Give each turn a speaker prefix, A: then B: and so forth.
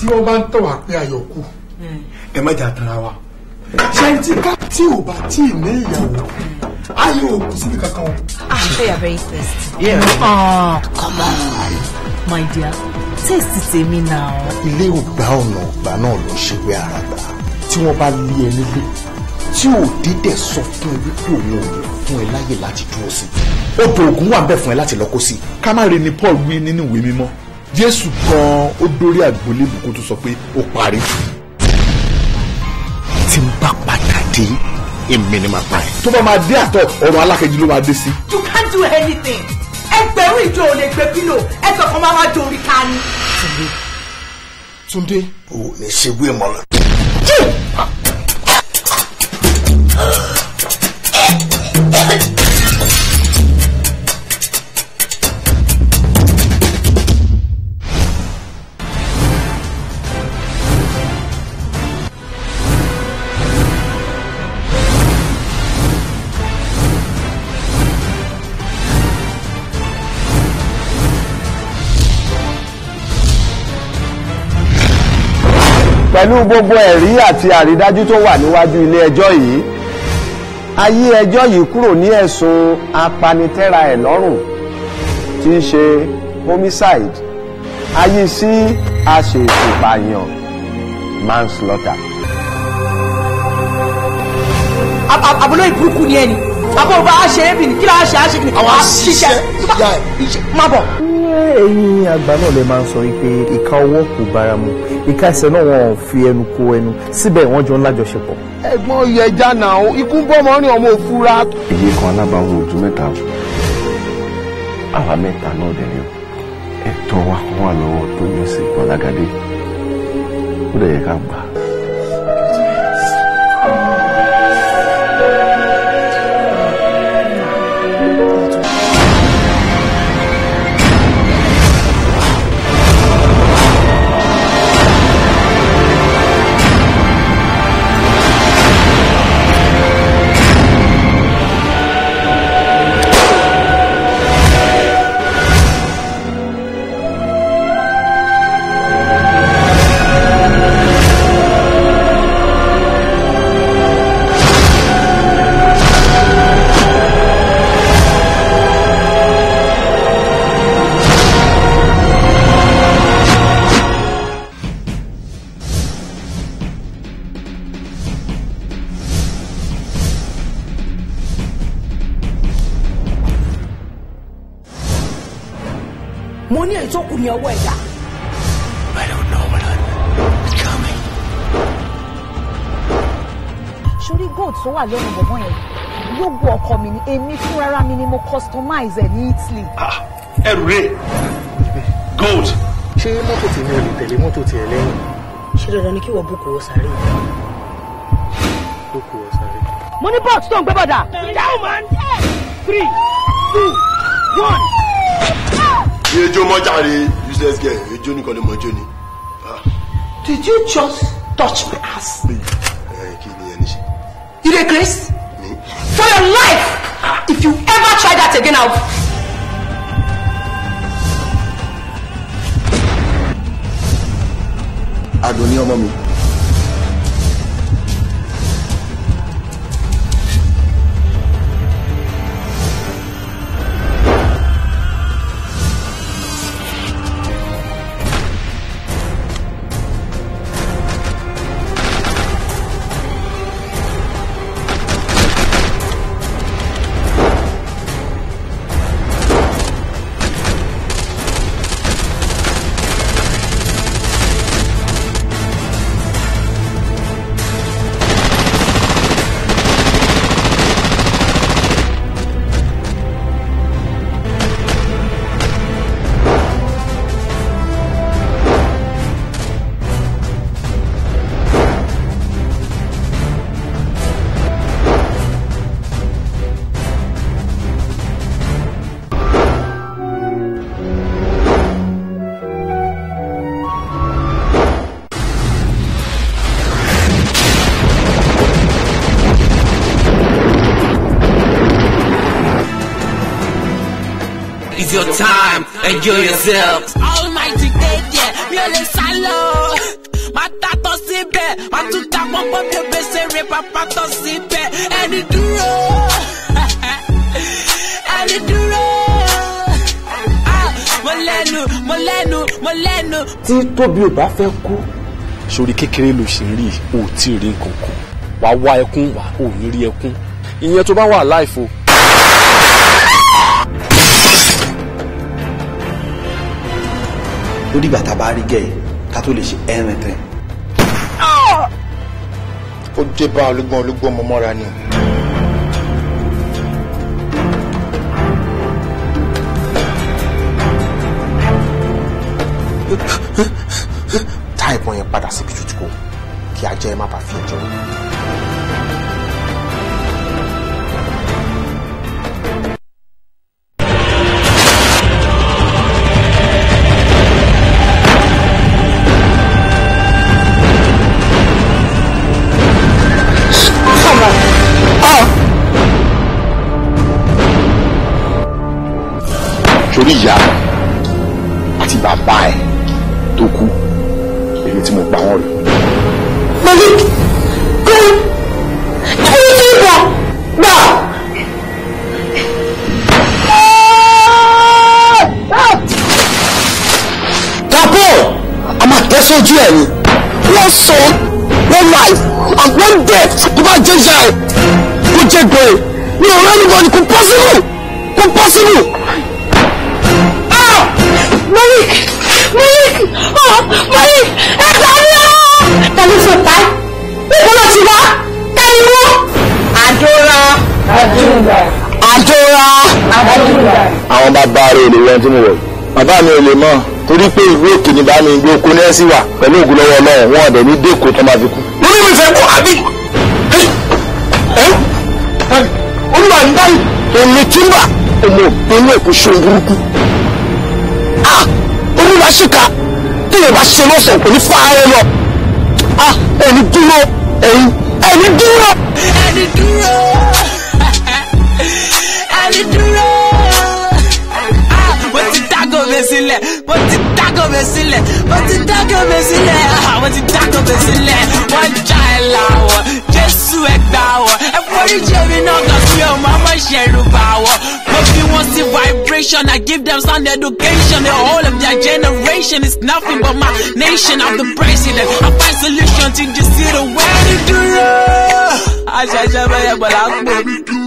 A: tí wọ́n bá ń tọ̀ wá pé ayọ̀ kù ẹ má jà tara wa ṣẹ́ntì ká tí ò bá tí ì ní ìyàwó ayọ̀ òkú síbi kankan o. ah so you are very thirsty. Yeah. oh come on my dear taste tèmi náà. ilé ògbà ọ̀nà ọ̀gbà náà ló ṣe wé ara gbà tí wọ́n bá lé ẹ nílé tí ò dídẹ̀ sọ fún ẹ wípé òun ò lè fún ẹ láyè láti dúró sí i. odò ògùn wà ń bẹ̀ fún ẹ láti lọ kó sí i ká má rí ni Paul wí nínú ìwé mímọ́ jésù gan ó dórí àgbélébù kó tó sọ pé ó parí. tí n bá padà dé èmi ni màá pa ẹ. tó bá máa dé àtọ ọ̀rọ̀ alákejì ló máa dé sí. you can't do anything ẹgbẹ̀rún ìjọ ò lè gbé pílò ẹgbẹ̀ kan máa wá dorí ká ní. túndé túndé. o ò ní ṣe wí mọ́ lọ. pẹ̀lú gbogbo ẹ̀rí àti àrídájú tó wà níwájú ilé ẹjọ́ yìí a yí ẹjọ́ yìí kúrò ní ẹ̀sùn apanitẹ́ra ẹ̀ lọ́rùn tí ń ṣe homicide a yí sí aṣèṣùpàyàn manslaughter. àbúlé ìbúrúkú ni ẹni àbúrò bá a ṣe é bì ní kí ló a ṣe a ṣe kì ní. àwọn aṣiṣẹ́ ìyá ẹ̀. má bọ̀ ẹ̀yin àgbà náà lè máa ń sọ wípé ìka ọwọ́ kò bára mu ìka ẹsẹ̀ náà wọn ò fi ẹnu kó ẹnu síbẹ̀ wọ́n jọ ń lájọṣepọ̀. ẹ̀gbọ́n yẹ jana o ikú ń bọ́ ọmọ òfúra. èyí kan alábàáwò ojú mẹ́ta àwa mẹ́ta náà dẹ̀ ni o ẹ̀tọ́ wa wà lọ́wọ́ tó yọ sí ọ̀làgàdé ó dẹ̀ yẹ ká gbà á. mo ní èyí kù ní ọwọ́ ẹ̀dá. I don't know what I'm becoming. sórí gold tó wà lẹ́nu bọ̀bọ̀n yẹn gbogbo ọkọ mi ni èmi fúnra mi ni mo customize ẹ̀ ní Italy. ẹrù rè gold. ṣé mọ́tò tèmi ò lè tẹ̀lé mọ́tò tiẹ̀ lẹ́yìn. ṣé dandan ni kí wọ́n búkú wọ sáré yìí. búkú wọ sáré. mo ní bọ́ọ̀tù tó ń gbé bọ̀dà. down man. three two one yé jó useless girl ejó nìkan ló mọ jó ni. Ah. did you just touch my ass. kí ni ẹni ṣe. you dey grace. me. for your life ah. if you ever try that again i will. àdùnní ọmọ mi. Take your time, enjoy yourself. Almighty God, yeah, mi ò lè sá lọ. Má tatọ́ síbẹ̀, má tún ta pọ́npọ́n bèbè ṣeré pàpà tọ́ síbẹ̀. Ẹni dúró, ẹni dúró. Ah, mo lẹ́nu, mo lẹ́nu, mo lẹ́nu. Tí Tóbi ò bá fẹ́ kú, sórí kékeré ló ṣe ń rí, o ò tí ì rí nǹkan kan. Wàá wá ẹkún, wàá ò ní rí ẹkún. Ìyẹn tó bá wà láìfo. ó dìgbà tá a bá rí gẹ̀ ká tó lè ṣe anything. ó dé bá olúgbọ́n olúgbọ́n mọ́ mọ́ra ni. tá ìbọn yẹn padà síbi tútù kó kí ajá ẹ má bàa fi ẹjọ́ rẹ̀. nítorí ìyá rẹ àti bàbá ẹ tó kú èmi tí mo pa wọn rè. mọ̀lẹ́ kú kí ló ti gbà gbà. tapo a máa tẹ́ sójú ẹ̀ ni wọ́n sọ wọ́n láì àwọn dẹ̀ tó bá jẹ́ ìyá ẹ̀ kó jẹ́ gbèrè mi ò rẹ́nu bọ̀ ni kò pọ́sibú kò pọ́sibú. Malik! Malik! Oh, Malik! Ẹ gbà mí o! Ta ló sọ pa ẹ́? Níbo ló ti wá? Ta ni wọ́n? Àdúrà. Àdúrà. Àdúrà. Àdúrà. Àwọn bàbá rẹ̀ lè wọ́n tí mo wọ̀. Bàbá mi ò lè mọ̀ torí pé ìlú òkè ni bàá mi gbé oko ní ẹ̀sìn wà pẹ̀lú ògùn lọ́wọ́ Ọlọ́run wọn ọ̀dẹ̀ ní dèkó tó máa fi kú. Mo ní mi fẹ́ kú àbí. Olúwa ń báyìí. Èmi tí Èmi ò gbé ní èkó ṣe burúkú ah olúwa ṣìkà tí èèyàn bá ṣe lọ́sàn kò ní fún ara lọ ah ẹni dúró ẹni ẹni dúró. ẹni dúró ẹni dúró ah! mo ti dágò mi sílẹ̀ mo ti dágò mi sílẹ̀ mo ti dágò mi sílẹ̀ ah! mo ti dágò mi sílẹ̀ wọ́n já ẹ láwọ̀ Jésù ẹgbàá wọ̀ ẹ forí jẹ́ mi náà kàn sí ọmọ ọmọ ìṣẹ̀rù bá wọ̀. I give them sound education. The whole of their generation is nothing but my nation. I'm the president. I find solutions in the city. Where did you? I shall never ever